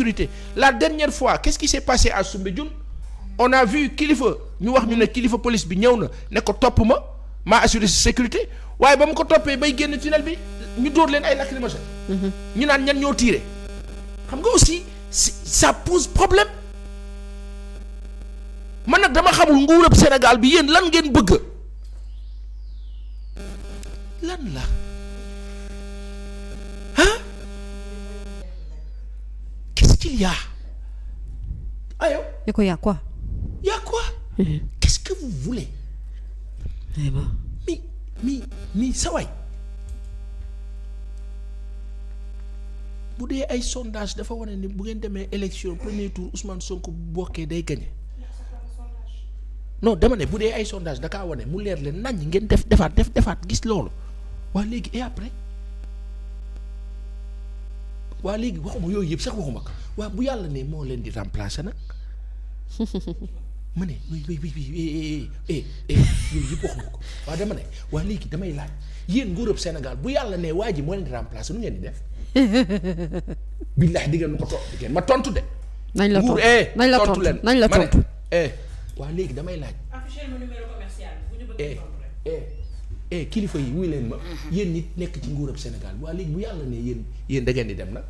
sécurité la dernière fois qu'est-ce qui s'est passé à Soumbédioune on a vu kilifa ñu wax ñu ne kilifa police bi ñëw na ne ko topp ma maa assuré sa sécurité waaye ba mu ko toppee bay génn tunnel bi ñu dóor leen ay lacrymogène mhm. ñu naan ñan ñoo tiire xam nga aussi ça pose problème mën nag dama xamul nguurab Sénégal bi yéen lan ngeen bëgg lan la ci y a ah yow. ne ko y mm-hmm. eh mi mi mi sa bu dee ay sondage dafa wane ni bu ngeen demee élection premier tour Ousmane Sonko bu bokkee day gagné. non dama ne bu dee ay sondage da wane mu leer leen nañ ngeen def defaat def defaat gis loolu waa léegi et après. waa léegi waxuma yooyu yëpp sax waxuma ko waa bu yàlla ne moo leen di remplacer nag ma ne oui oui oui oui eh, eh, eh, waa dama waa léegi damay laaj yéen nguurub Sénégal bu yàlla nee waa ji moo leen di remplacer nu ngeen di def. billahi di ngeen ko to di tontu de. nañ la tontu eh tontu leen nañ la tontu eh waa léegi damay laaj. eh kilifa yi wuy leen ma. Mhm. yéen nit nekk ci nguurab Sénégal waa léegi bu yàlla ne yéen yéen da ngeen di dem nag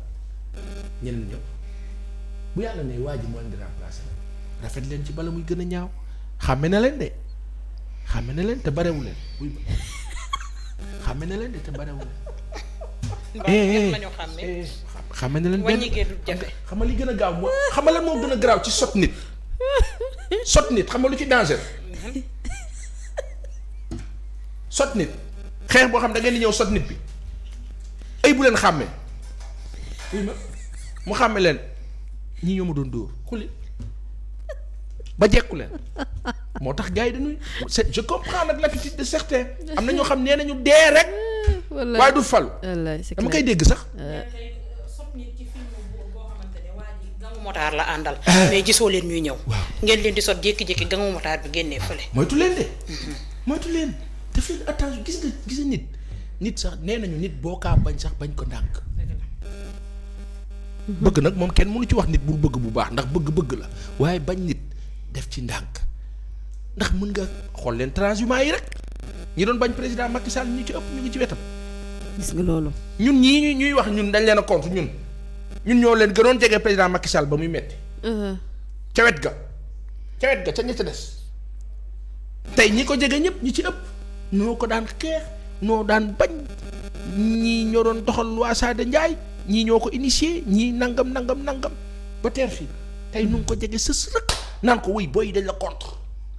ñeneen ñëw bu yàlla ne waa ji moo leen di remplacer nag rafet leen ci bala muy gën a ñaaw xàmme na leen na leen te barewu leen na leen de te barewu leen. nañu eh, eh, eh. leen benn xam nga li gën gaaw moo xam nga lan moo gën a garaaw ci sot nit sot nit xam nga lu ci danger. sot nit xeex boo xam da ngeen di ñëw sot nit bi ay bu leen xàmmee mu xàmme leen ñi ñoo doon dóor xuli ba jekku leen moo tax gars yi dañuy je comprends nag l'attitude am na ñoo xam nee nañu dee rek waaye du falu dama koy dégg sax euh. euh, motaar la àndal ah. mais gisoo leen ñuy ñëw ngeen leen di sot jékki-jékki gangu motaar bi génnee fële moytu leen de mm-hmm. moytu leen def leen attention gis nga gis nit nit sax nee nañu nit boo kaa bañ sax bañ ko ndànk. bëgg nag moom kenn mënu ci wax nit bul bëgg bu baax ndax bëgg-bëgg la waaye bañ nit def ci ndànk ndax mën nga xool leen transhumance yi rek ñi doon bañ président Macky Sall ñu ci ëpp ñu ci wetam. gis nga loolu. ñun ñii ñuy wax ñun dañ leen a compte ñun ñun ñoo leen gënoon jege président Macky Sall ba muy metti uh-huh. ca wet ga ca wet ga ca ñu ca des tey ñi ko jege ñëpp ñi ci ëpp. noo ko daan xeex noo daan bañ ñii ñoo doon doxal loi Sada Ndiaye ñii ñoo ko initié ñii nangam nangam nangam ba teer fii tey nu ngi ko jege sës naan ko wuy booy dañ la contre.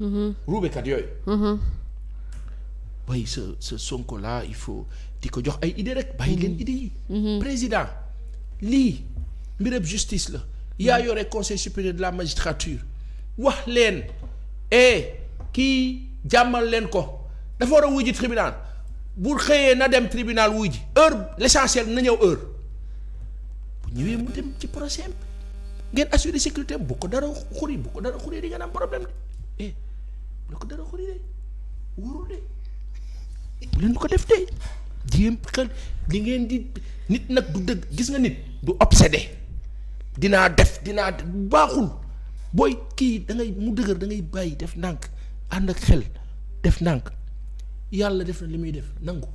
Mm-hmm. ruubekat yooyu. Mm-hmm. booy sa sa Sonko la il faut di ko jox ay idée rek bàyyi leen mm-hmm. idée yi. président lii mbirab justice la. yaa yore conseil supérieur de la magistrature wax leen eh kii jàmmal leen ko. dafa war a wuy tribunal bu xëyee na dem tribunal wuy ji heure l'essentiel na ñëw heure bu ñëwee mu dem ci procès ngeen assurer sécurité bu ko dara xuri bu ko dara xuri di ngeen am problème de eh bu ko bu ko def de jéem xel di ngeen di nit nag du dëgg gis nga nit du obsédé dinaa def dinaa baaxul booy kii dangay mu dëgër da ngay bàyyi def ndànk ànd ak xel def ndànk yàlla def na li muy def nangu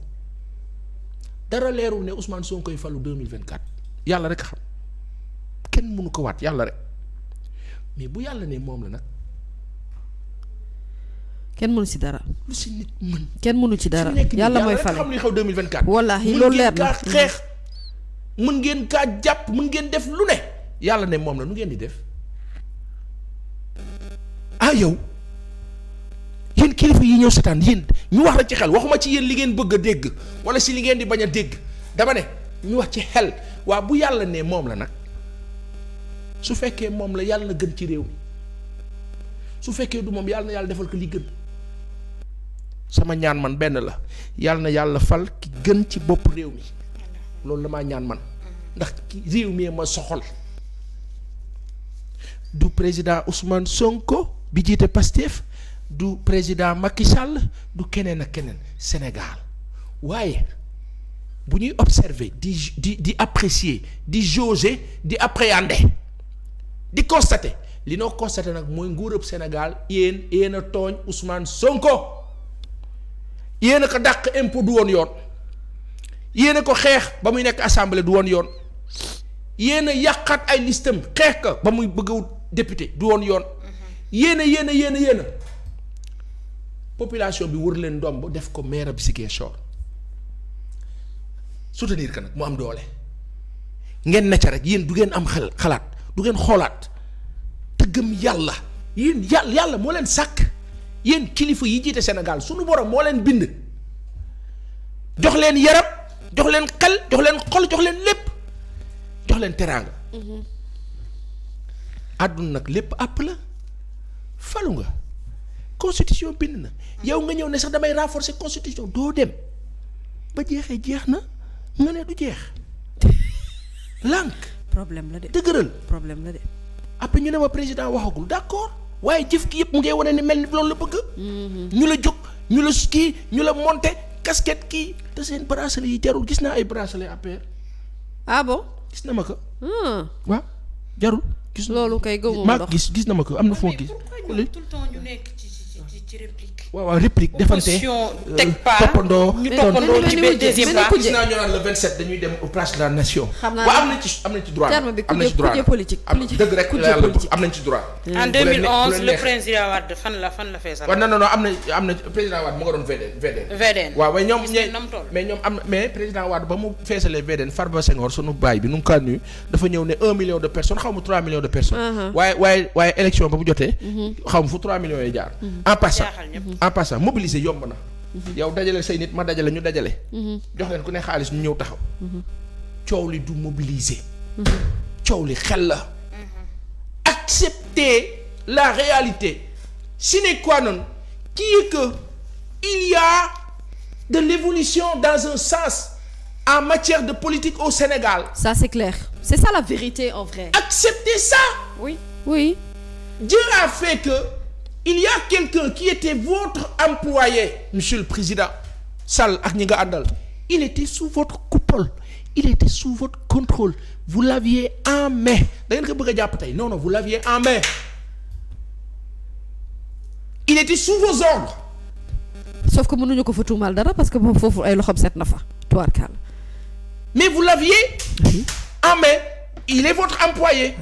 dara leerul ne usmaan Sonko koy falu deux mille vingt quatre yàlla rek xam kenn mënu ko waat yàlla rek mais bu yàlla ne moom la nag. kenn mënu ci dara. lu si nit mën. kenn mënu ci dara yàlla mooy fale xam li xew deux mille vingt quatre. wallaahi loolu leer na mën xeex mën ngeen kaa jàpp mën ngeen def lu yàlla ne moom la nu ngeen di def ah yow. kilifa yi ñëw seetaan yéen ñu wax rek ci xel waxuma ci yéen li ngeen bëgg a dégg wala si li ngeen di bañ a dégg dama ne ñu wax ci xel waa bu yàlla nee moom la nag su fekkee moom la yàlla na gën ci réew mi su fekkee du moom yàlla na yàlla defal ko li gën ñaan man benn la yàlla na yàlla fal ki gën ci bopp réew mi loolu la ñaan man ndax réew mi ma soxol du président Ousmane Sonko bi jiite Pastef du président Macky Sall du keneen ak keneen Sénégal waaye bu ñuy observer di di di apprécier di jauger di appréhender di constater li noo constater nag mooy nguurub Sénégal yéen yéen a tooñ Ousmane Sonko yéen a ko dàq impôt du woon yoon yéen a ko xeex ba muy nekk assemblée du woon yoon yéen a yàqaat ay listam xeex ka ba muy bëgg député du woon yoon mm-hmm. yéen a yéen yéen yéen population bi wër leen domb def ko maire bi Ziguinchor soutenir que nag mu am doole ngeen na ca rek yéen du ngeen am xel xalaat du ngeen xoolaat te gëm yàlla yéen yàlla moo leen sàkk yéen kilifa yi jiite Sénégal sunu borom moo leen bind jox leen yaram jox leen xel jox leen xol jox leen lépp jox leen teraanga. Mm-hmm. àdduna nag lépp àpp la falu nga. constitution bind na mm-hmm. yow nga ñëw ne sax damay renforcer constitution doo dem ba jeexee jeex na nga ne du jeex lànk. problème la de dëgëral problème la de. après ñu ne ma président waxagul d'accord waaye jëf ki yëpp mu ngay wane ne mel ni loolu la bëgg. Mm-hmm. ñu la jóg ñu la kii ñu la monter casquette kii te seen bracelet yi jarul gis naa ay bracelet APR. ah gis na ma ko. Hmm. waaw jarul. gis loolu kay gëmoo maa gis gis na ma ko am na foo gis. tout le temps ñu nekk ci. ci ci réplique. waaw waaw réplique defante euh, teg pas toppandoo. ñu toppandoo ci benn deuxième pas gis naa ñu dañuy dem place la nation. xam am nañ ci am nañ ci droit am nañ dëgg rek yàlla euh, am nañ ci droit. Hmm. en le président Wade fan la fan la fee sax. am na président Wade mu nga doon VDN VDN. waaw waaye ñoom mais ñoom am mais président Wade ba mu feesalee VDN Farba Senghor sunu baay bi nu nuyu dafa ñëw ne 1 million de personnes xaw uh-huh. mu jotee. Mm-hmm. passant en passant mobiliser yomb na. Mhm. yow dajale say nit ma dajale ñu dajale. Mhm. jox leen ku ne xaalis ñu ñëw taxaw. Mhm. coow li du mobiliser. coow li xel la. accepter la réalité sine qua non qui est que il y a de l'évolution dans un sens en matière de politique au Sénégal. ça c'est clair c'est ça la vérité en vrai. accepter ça. oui oui. Dieu a que. il y a quelqu'un qui était votre employé monsieur le président Sall ak ñi nga àndal il était sous votre coupole il était sous votre contrôle vous l'aviez en main da ngeen ko bëgg a jàpp tey non non vous l'aviez en main il était sous vos ordres. sauf que mënuñu ko fa tuumaal dara parce que moom foofu ay loxoom set na fa mais vous l'aviez en main il est votre employé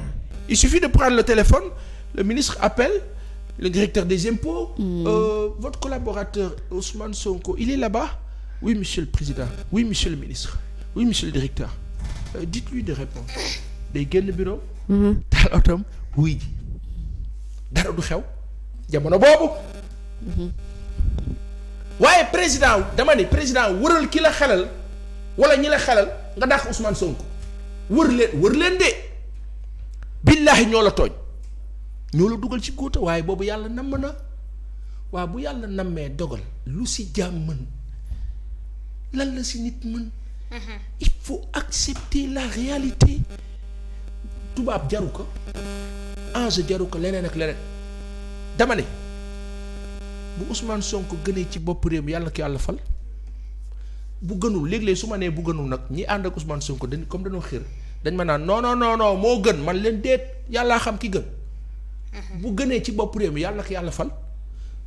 il suffit de prendre le téléphone le ministre appelle. le directeur des impôts. Mmh. Euh, votre collaborateur Ousmane Sonko il est là-bas. oui monsieur le président oui monsieur le ministre oui monsieur le directeur. Euh, dites-lui de répondre day génn bureau. taal hmm. otoom wuy ji du xew jamono boobu. Hmm. waaye président dama ne président wëral ki la xelal wala ñi la xelal nga dàq Ousmane Sonko wër leen wër leen de. billaahi ñoo la tooñ. ñoo la dugal ci góota waaye boobu yàlla namm na waaw bu yàlla nammee dogal lu si jaam mën lan la si nit mën mm-hmm. il faut accepter la réalité tubaab jaru ko ange jaru ko leneen ak leneen dama ne bu Ousmane Sonko gënee ci boppu réew mi yàlla ko yàlla fal bu gënul léeg-léeg su ma nee bu gënul nag ñi ànd ak Ousmane Sonko dañ comme dañoo xër dañ ma naan non non moo gën man leen déet yàllaa xam ki gën bu gënee ci boppu réew mi yàlla na yàlla fal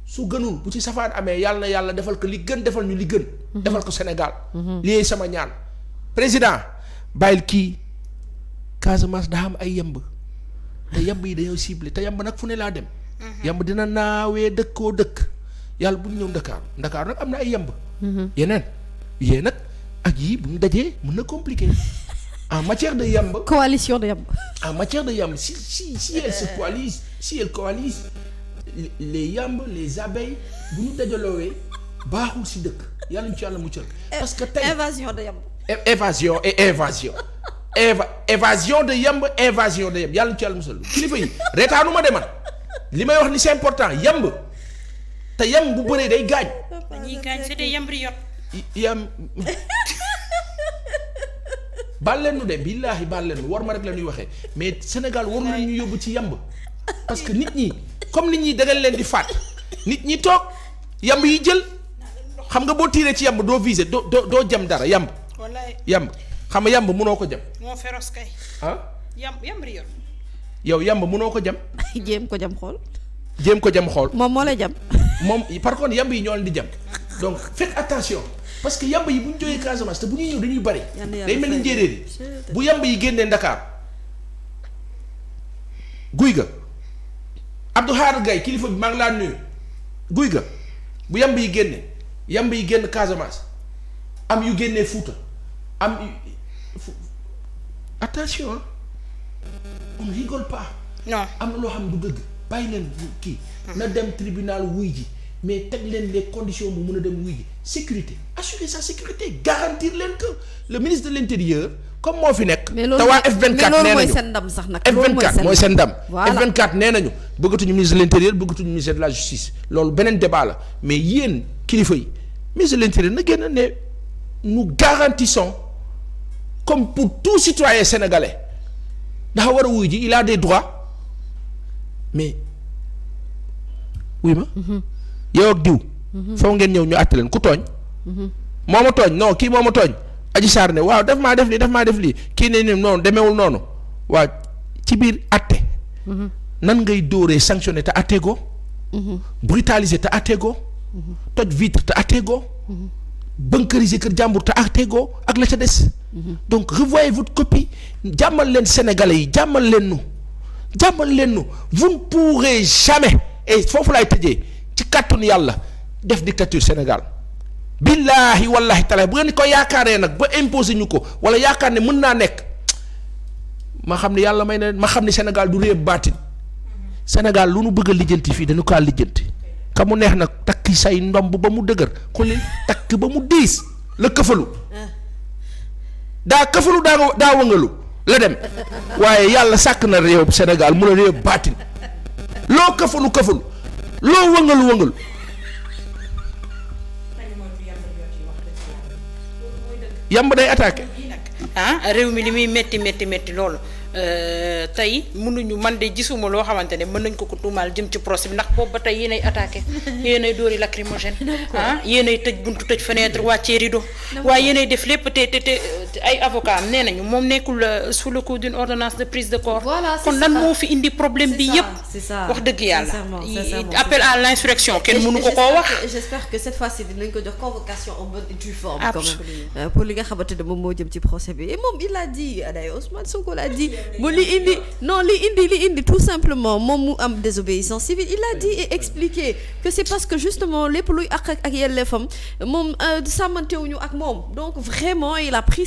su gënul bu ci safaan amee yàlla na yàlla defal ko li gën defal ñu li gën. defal ko Sénégal. lii sama ñaan président bàyyil kii Casamance daa am ay yemb te yemb yi dañoo ciblé te yemb nag fu ne laa dem. yemb dina naawee dëkkoo dëkk yàlla bu ñu ñëw Ndakaaru Ndakaaru nag am na ay yemb. Mhm. yeneen yee nag ak yii bu ñu dajee mën na compliqué. en matière de yamb. coalition de yamb. en matière de yamb si si si elle se coalise si elle coalise les yamb les abeilles bu ñu dajaloowee baaxul si dëkk yàlla ñu ci yàlla muccal. parce que tey évasion de yamb. évasion et évasion. éva de yamb invasion de yamb yàlla ñu ci yàlla musal kilifa yi reetaanu ma demal li may wax ni c'est important yamb te yamb bu bëree day gaañ. dañuy yamb. baal leen nu de billaahi baal leen war ma rek la ñuy waxee mais Sénégal war nañ ñu yóbbu ci yamb parce que nit ñi comme nit ñi dagal leen di faat nit ñi toog yamb yi jël xam nga boo tiiree ci yamb doo visé doo doo doo jam dara yamb. yamb xam nga yamb mënoo ko jam. moo féroce kay. ah yamb yamb yow yamb mënoo ko jam. jéem ko jam xool. jéem ko jam xool. moom moo la jam. moom par contre yamb yi ñoo leen di jam donc faites attention. parce que yamba yi bu ñu jógee mm. Casamance te bu ñuy ñëw dañuy bari. day mel ni njéeréer yi bu yamba yi génnee Ndakaar guy ga Abdou Xaar Gay kilifa bi maa ngi laa nuyu guy ga bu yamba yi génne yamba yi génn Casamance am yu génnee Fuuta am attention on rigole pas. am na loo xam du dëgg bàyyi leen kii. Mm. na dem tribunal wuy ji mais teg leen les conditions bu mun a dem wuy ji sécurité. assurer sa sécurité garantir leen que le ministre de l'intérieur comme moo fi nekk. te waa F24 nee sax nag. F24 mooy seen ndam. F24 nee nañu bëggatuñu ministre de l'intérieur bëggatuñu ministre de la justice loolu beneen débat la mais yéen kilifa yi ministre de l'intérieur na génn ne nous garantissons comme pour tout citoyen sénégalais dafa war a wuy ji il a des mais wuy ma. Mhm. yow ak diw. Mhm. foo ngeen ñëw ñu àtte leen ku tooñ. moo ma tooñ non kii moo ma tooñ aji saar ne waaw daf maa def lii daf maa def lii kii ne ni noonu demeewul noonu waaw ci biir atte nan ngay dóoree sanctionné te atte go brutaliser te atte go toj vitre te atte go bunkeriser kër jàmbur te atte go ak la ca des donc revoyez votre copie jàmmal leen sénégalais yi jàmmal leen nu jàmmal leen nu vous ne jamais et foofu lay tëjee ci kàttanu yàlla def dictature Sénégal billaahi wallaahi talaay bu ngeen ko yaakaaree nag ba imposé ñu ko wala yaakaar ne mën naa nekk ma xam ne yàlla may na ma xam ne Sénégal du réew baatin Sénégal lu nu bëgg a lijjanti fii dañu kaa lijjanti ka mu neex nag takk say ndomb ba mu dëgër ko li takk ba mu diis la këfalu daa këfalu daa daa wëngalu la dem waaye yàlla sàkk na réew Sénégal mu la réew baatin loo këfalu këfalu loo wëngalu wëngalu yamb day attaqué. ah réew mi li muy métti métti métti loolu euh, tey mënuñu man de gisuma loo xamante ne mën nañ ko ko tuumaal jëm ci procès bi ndax boobu ba tey yéenay attaqué yéenay dóori lacrymogène ah yéenay tëj buntu tëj fenêtre wàccee rideau waaye yéenay def lépp te te te ay avocat am nee nañu moom nekkul euh, sous le coup d'une ordonnance de prise de corps. kon lan moo fi indi problème bi yépp wax dëgg yàlla appel à l'insurrection kenn mënu ko wax. Euh, pour li nga xamante ne moom moo jëm ci procès bi et moom il a dit d'ailleurs Ousmane Sonko l'a dit bu li indi non li indi li indi tout simplement moom mu am désobéissance civile il a dit et expliqué que c'est parce que justement lépp luy àq ak yelleefam moom euh, sàmmantewuñu ak moom donc vraiment il a pris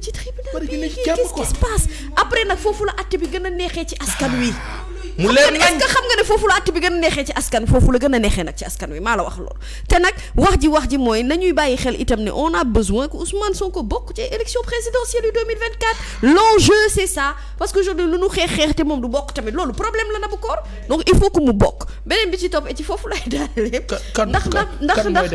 ci tribunal bi qu'est-ce qui se après nag foofu la àtte bi gën a neexee ci askan wi. mu leen est xam nga ne foofu la àtte bi gën a neexee ci askan foofu la gën a neexee nag ci askan wi maa la wax loolu te nag wax ji wax ji mooy nañuy bàyyi xel itam ne on a besoin que Ousmane ko bokk ci élection présidentielle yu 2024 l'enjeu c'est ça parce que aujourd'hui lu nu xeex xeex te moom du bokk tamit loolu problème la na bu koor donc il faut que mu bokk beneen bi ci topp et foofu lay daal lépp ndax na ndax ndax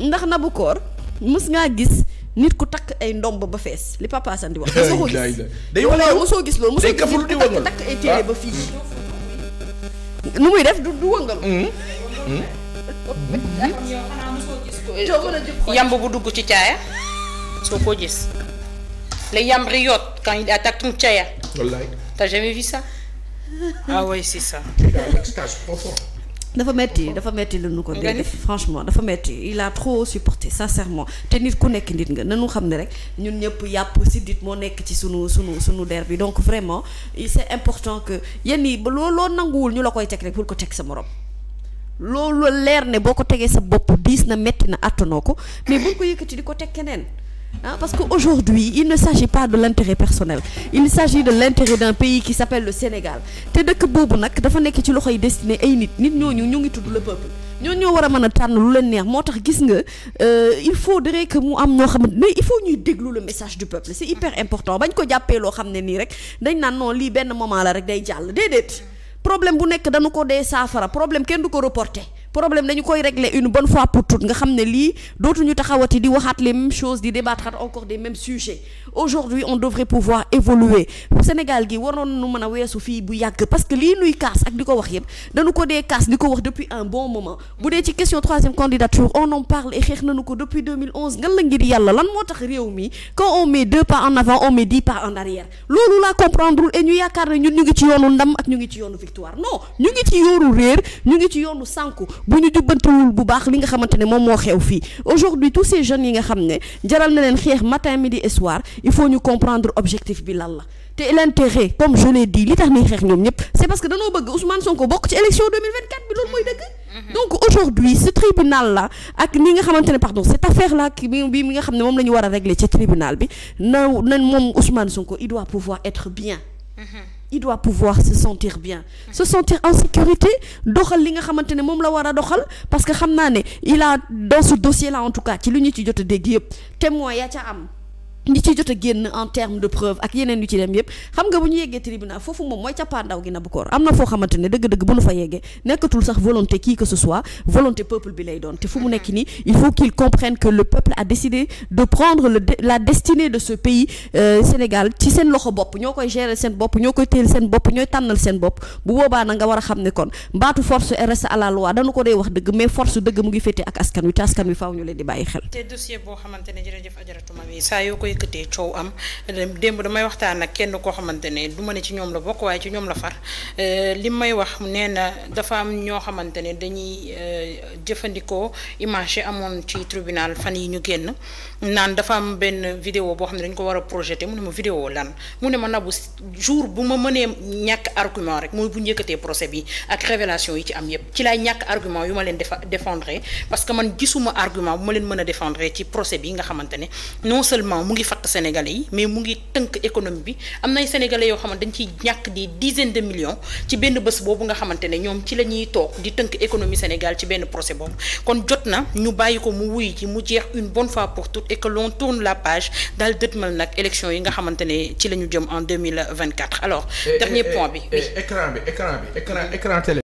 ndax na bu koor ngaa gis nit ku takk ay ndomb ba fees li papa Assane di wax. gis day mosoo gis loolu mosoo gis nit def du hmm? Hmm? Hmm? dugg ci caaya soo ko gis les yambres riotent quand il attaque ah une dafa metti dafa metti la nu ko dee def franchement dafa metti il a trop supporté sincèrement te nit ku nekk nit nga nanu xam ne rek ñun ñëpp yàpp si siddit moo nekk ci sunu sunu sunu der bi donc vraiment c'est important que yenn yi ba looloo nanguwul ñu la koy teg rek bul ko teg sa morom loolu leer ne boo ko tegee sa bopp diis na metti na àttanoo ko mais bul ko yëkkati di ko teg keneen Hein, parce qu'aujourd'hui, il ne s'agit pas de l'intérêt personnel. Il s'agit de l'intérêt d'un pays qui s'appelle le Sénégal. te dëkk boobu nag dafa nekk ci loxo loxoy destiné ay nit nit ñooñu ñu ngi tudd le peuple ñooñu ñoo war a mën a tànn lu leen neex moo tax gis nga euh, il faudrait que mu am ñoo xam mais il faut ñuy déglu le message du peuple c'est hyper important bañ ko jàppee loo xam ne nii rek dañ naan non lii benn moment la rek day jàll déedéet problème bu nekk dañu ko dee saafara problème kenn du ko reporter problème dañu koy régler une bonne fois pour toutes nga xam ne lii dootuñu taxawati di waxaat les mêmes choses di débattre encore des mêmes sujets aujourd'hui on devrait pouvoir évoluer Sénégal gi waroon nu mën a weesu fii bu yàgg parce que lii nuy kaas ak di ko wax yëpp dañu ko dee kaas di ko wax depuis un bon moment bu dee ci question troisième candidature on parle et xeex nañu ko depuis 2011 ngir yàlla lan moo tax réew mi quand on deux pas ñu ngi ci yoonu ngi ci yoonu victoire non ñu bu ñu jubbantiwul bu baax li nga xamante ne moom moo xew fii aujourd'hui tous ces jeunes yi nga xam ne jaral na leen xeex matin midi et soir il faut ñu comprendre objectif bi lan la te l'intérêt comme je l'ai li tax ñuy xeex ñoom ñëpp c'est parce que dañoo bëgg Ousmane Sonko bokk ci élection 2024 bi loolu mooy dëgg mm-hmm. donc aujourd'hui ce tribunal là ak ni nga xamante ne pardon cette affaire là bi bi nga xam ne moom la ñu war a régler ci tribunal bi na nan moom Ousmane Sonko il doit pouvoir il doit pouvoir se sentir bien se sentir en sécurité doxal li nga xamante ne moom la war a doxal parce que xam naa ne il a dans dossier là en tout cas ci lu ñu ci jot a dégg yëpp témoin ya ca am ñi ci jot a génn en terme de preuve ak yeneen yu ci dem yëpp xam nga bu ñu yeggee tribunal foofu moom mooy cappaandaw gi na bu koor a décidé de prendre la destinée de ce pays euh, Sénégal ci seen loxo bopp ñoo koy gérer seen bopp ñoo koy téel seen bopp ñooy tànnal seen bopp bu boobaa na nga war a xam ne kon mbaatu force reste à la loi dañu ko dee wax dëgg mais force dëgg mu ngi féete ak askan wi te askan wi faaw ñu leen di bàyyi xel yëkkatee coow am démb damay waxtaan ak kenn koo xamante ne du ma ne ci ñoom la bokk waaye ci ñoom la far euh, li may wax nee na dafa am ñoo xamante ne dañuy euh, jëfandikoo image amoon ci tribunal fan yi ñu génn naan dafa am benn vidéo boo xam ne dañ ko war a projeté mu ne ma vidéo lan mu ne ma nabu jour bu ma mënee ñàkk argument rek mooy bu ñu yëkkatee procès bi ak révélation yi ci am yépp ci laay ñàkk argument yu ma leen defa défendre parce que man gisuma argument bu ma leen mën a défendre ci procès bi nga xamante fatt sénégalais yi mais mu ngi tënk économie bi am nay sénégalais yoo xamante dañ ciy ñàkk di dizaines de millions ci benn bés boobu nga xamante ne ñoom ci la ñuy toog di tënk économie Sénégal ci benn procès boobu kon jot na ñu bàyyi ko mu wuy ci mu jeex une bonne fois pour toutes et tourne la page daal dëtmal nag élection yi nga xamante ne ci la ñu jëm en 2024 alors dernier point bi écran bi écran bi écran écran télé